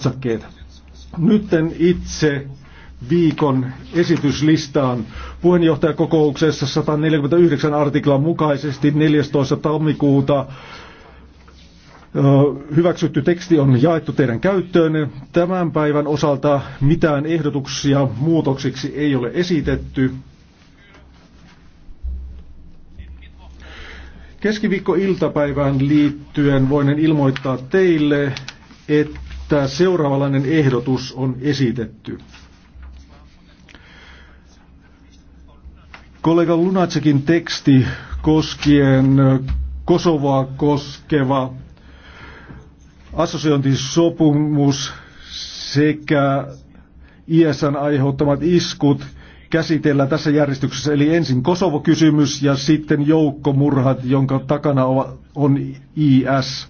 otsakkeet. Nytten itse viikon esityslistaan. Puheenjohtajakokouksessa 149 artiklan mukaisesti 14. tammikuuta hyväksytty teksti on jaettu teidän käyttöön. Tämän päivän osalta mitään ehdotuksia muutoksiksi ei ole esitetty. Keskiviikko-iltapäivään liittyen voinen ilmoittaa teille, että että seuraavanlainen ehdotus on esitetty. Kollega Lunatsekin teksti koskien Kosovaa koskeva assosiointisopimus sekä ISN aiheuttamat iskut käsitellään tässä järjestyksessä. Eli ensin Kosovo-kysymys ja sitten joukkomurhat, jonka takana on IS.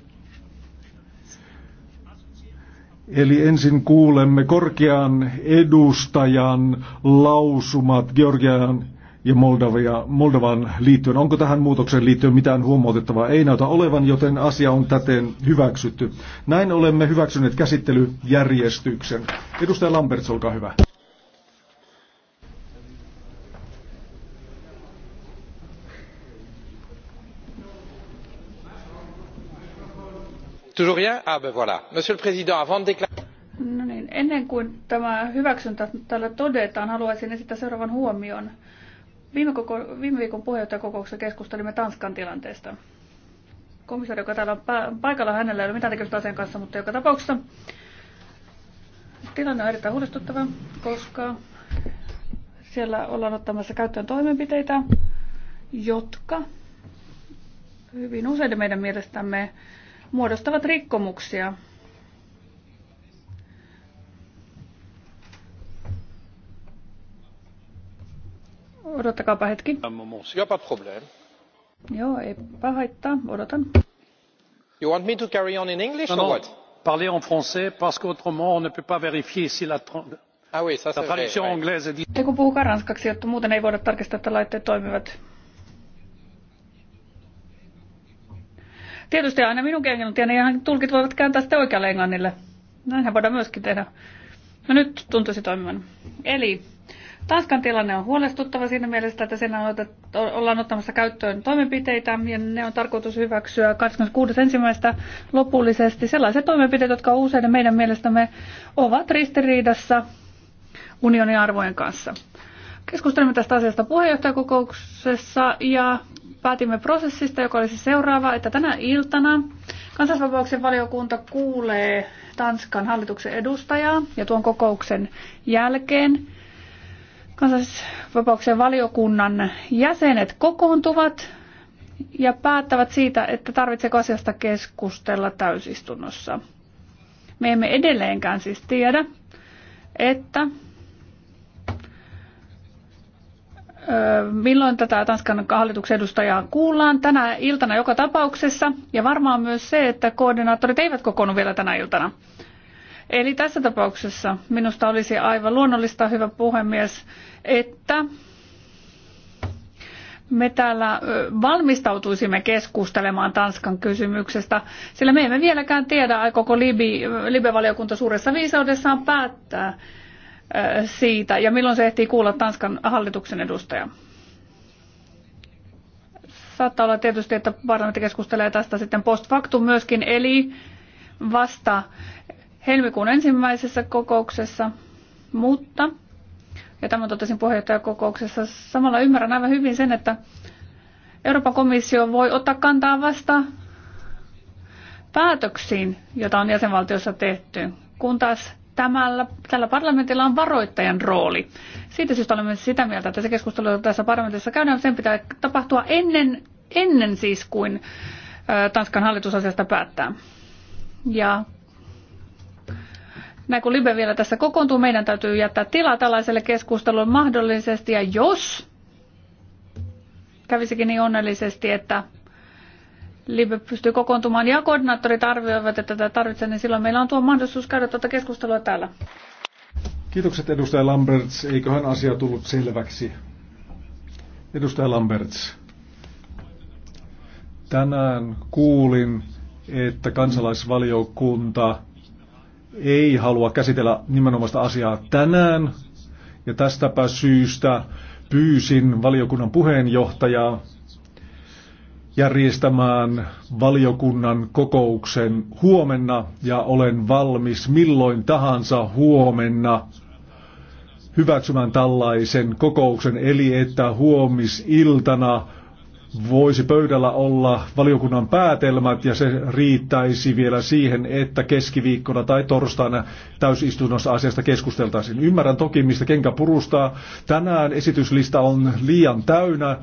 Eli ensin kuulemme korkean edustajan lausumat Georgian ja Moldavia, Moldovan liittyen. Onko tähän muutokseen liittyen mitään huomautettavaa? Ei näytä olevan, joten asia on täten hyväksytty. Näin olemme hyväksyneet käsittelyjärjestyksen. Edustaja Lamberts, olkaa hyvä. Ah, Monsieur le Président, avant de déclarer... No niin, ennen kuin tämä hyväksyntä täällä todetaan, haluaisin esittää seuraavan huomion. Viime, koko, viime viikon puheenjohtajakokouksessa keskustelimme Tanskan tilanteesta. Komissaari, joka täällä on paikalla, hänellä ei ole mitään tekemistä asian kanssa, mutta joka tapauksessa tilanne on erittäin huolestuttava, koska siellä ollaan ottamassa käyttöön toimenpiteitä, jotka hyvin usein meidän mielestämme muodostavat rikkomuksia. Odottakaapa hetki. Joo, ei haittaa. Odotan. You want me to carry on in English no, or what? Parler en français parce qu'autrement on ne peut pas vérifier si la, ah, oui, ça, la traduction vrai, anglaise est... Ei kun puhukaa ranskaksi, jotta muuten ei voida tarkistaa, että laitteet toimivat. Tietysti aina minun englantiani ihan tulkit voivat kääntää sitä oikealle englannille. Näinhän voidaan myöskin tehdä. No nyt tuntuisi toimivan. Eli Tanskan tilanne on huolestuttava siinä mielessä, että siinä on ollaan ottamassa käyttöön toimenpiteitä ja ne on tarkoitus hyväksyä 26.1. lopullisesti sellaiset toimenpiteet, jotka usein meidän mielestämme ovat ristiriidassa unionin arvojen kanssa. Keskustelimme tästä asiasta puheenjohtajakokouksessa ja päätimme prosessista, joka se seuraava, että tänä iltana kansanvapauksien valiokunta kuulee Tanskan hallituksen edustajaa ja tuon kokouksen jälkeen kansanvapauksien valiokunnan jäsenet kokoontuvat ja päättävät siitä, että tarvitseeko asiasta keskustella täysistunnossa. Me emme edelleenkään siis tiedä, että milloin tätä Tanskan hallituksen edustajaa kuullaan. Tänä iltana joka tapauksessa ja varmaan myös se, että koordinaattorit eivät kokoonnu vielä tänä iltana. Eli tässä tapauksessa minusta olisi aivan luonnollista, hyvä puhemies, että me täällä valmistautuisimme keskustelemaan Tanskan kysymyksestä, sillä me emme vieläkään tiedä, aikooko Libi, Libe-valiokunta suuressa viisaudessaan päättää siitä ja milloin se ehtii kuulla Tanskan hallituksen edustaja? Saattaa olla tietysti, että parlamentti keskustelee tästä sitten post factum myöskin, eli vasta helmikuun ensimmäisessä kokouksessa, mutta, ja tämän totesin puheenjohtajakokouksessa, samalla ymmärrän aivan hyvin sen, että Euroopan komissio voi ottaa kantaa vasta päätöksiin, joita on jäsenvaltiossa tehty, kun taas tämällä, tällä parlamentilla on varoittajan rooli. Siitä syystä olemme sitä mieltä, että se keskustelu, jota tässä parlamentissa käydään, sen pitää tapahtua ennen, ennen siis kuin Tanskan hallitusasiasta päättää. Ja näin kun Libe vielä tässä kokoontuu, meidän täytyy jättää tilaa tällaiselle keskustelulle mahdollisesti. Ja jos kävisikin niin onnellisesti, että Libe pystyy kokoontumaan ja koordinaattorit arvioivat, että tätä tarvitsee, niin silloin meillä on tuo mahdollisuus käydä tuota keskustelua täällä. Kiitokset edustaja Lamberts. Eiköhän asia tullut selväksi. Edustaja Lamberts, tänään kuulin, että kansalaisvaliokunta ei halua käsitellä nimenomaista asiaa tänään, ja tästäpä syystä pyysin valiokunnan puheenjohtajaa järjestämään valiokunnan kokouksen huomenna ja olen valmis milloin tahansa huomenna hyväksymään tällaisen kokouksen, eli että huomisiltana voisi pöydällä olla valiokunnan päätelmät ja se riittäisi vielä siihen, että keskiviikkona tai torstaina täysistunnossa asiasta keskusteltaisiin. Ymmärrän toki, mistä kenkä purustaa. Tänään esityslista on liian täynnä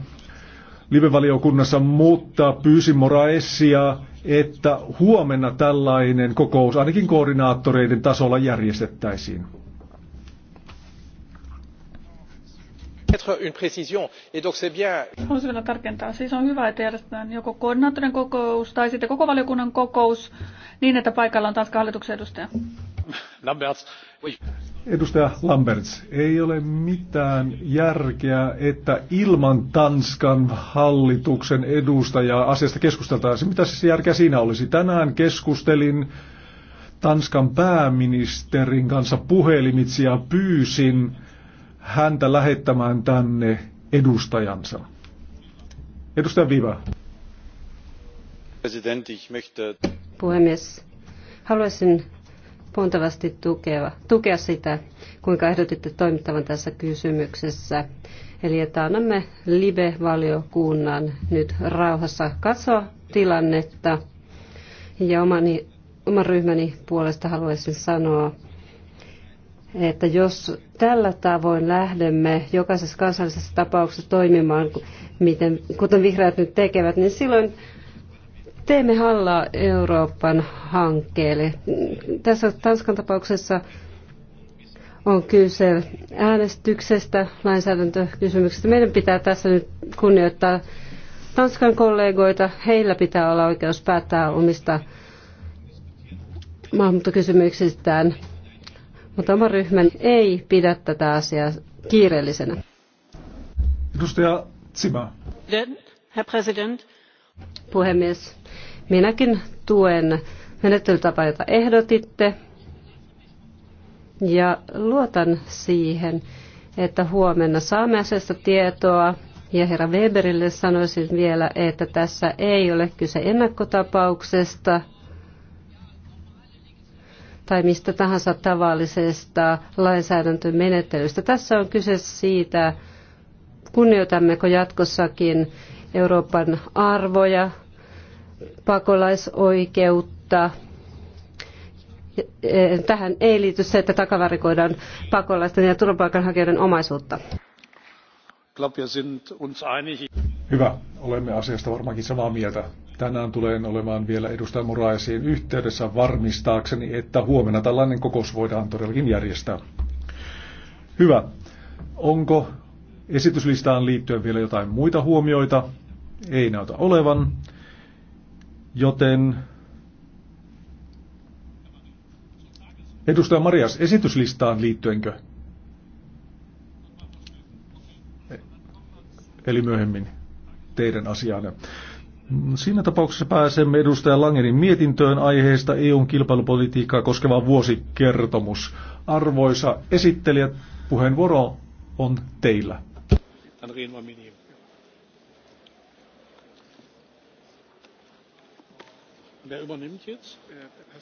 livevaliokunnassa, mutta pyysin Moraesia, että huomenna tällainen kokous ainakin koordinaattoreiden tasolla järjestettäisiin. Haluaisin vielä tarkentaa. Siis on hyvä, että järjestetään joko koordinaattorin kokous tai sitten koko valiokunnan kokous niin, että paikalla on taas hallituksen edustaja. Edustaja Lamberts, ei ole mitään järkeä, että ilman Tanskan hallituksen edustajaa asiasta keskusteltaisiin. Mitä siis järkeä siinä olisi? Tänään keskustelin Tanskan pääministerin kanssa puhelimitse ja pyysin häntä lähettämään tänne edustajansa. Edustaja Viva. Puhemies, haluaisin pontavasti tukea, tukea sitä, kuinka ehdotitte toimittavan tässä kysymyksessä. Eli että annamme Libe-valiokunnan nyt rauhassa katsoa tilannetta. Ja omani, oman ryhmäni puolesta haluaisin sanoa, että jos tällä tavoin lähdemme jokaisessa kansallisessa tapauksessa toimimaan, miten, kuten vihreät nyt tekevät, niin silloin teemme hallaa Euroopan hankkeelle. Tässä Tanskan tapauksessa on kyse äänestyksestä, lainsäädäntökysymyksestä. Meidän pitää tässä nyt kunnioittaa Tanskan kollegoita. Heillä pitää olla oikeus päättää omista maahanmuuttokysymyksistään. Mutta oma ryhmän ei pidä tätä asiaa kiireellisenä. Edustaja Zimmer. Herr President, Puhemies, minäkin tuen menettelytapaa, jota ehdotitte, ja luotan siihen, että huomenna saamme asiasta tietoa. Ja herra Weberille sanoisin vielä, että tässä ei ole kyse ennakkotapauksesta tai mistä tahansa tavallisesta lainsäädäntömenettelystä. Tässä on kyse siitä, kunnioitammeko jatkossakin Euroopan arvoja, pakolaisoikeutta. Eh, tähän ei liity se, että takavarikoidaan pakolaisten ja turvapaikanhakijoiden omaisuutta. Hyvä, olemme asiasta varmaankin samaa mieltä. Tänään tulen olemaan vielä edustaja Moraisiin yhteydessä varmistaakseni, että huomenna tällainen kokous voidaan todellakin järjestää. Hyvä. Onko Esityslistaan liittyen vielä jotain muita huomioita ei näytä olevan, joten Edustaja Marias, esityslistaan liittyenkö? Eli myöhemmin teidän asianne. Siinä tapauksessa pääsemme edustaja Langerin mietintöön aiheesta EUn kilpailupolitiikkaa koskeva vuosikertomus. Arvoisa esittelijä, puheenvuoro on teillä dann reden wir mit ihm. Wer übernimmt jetzt? Äh,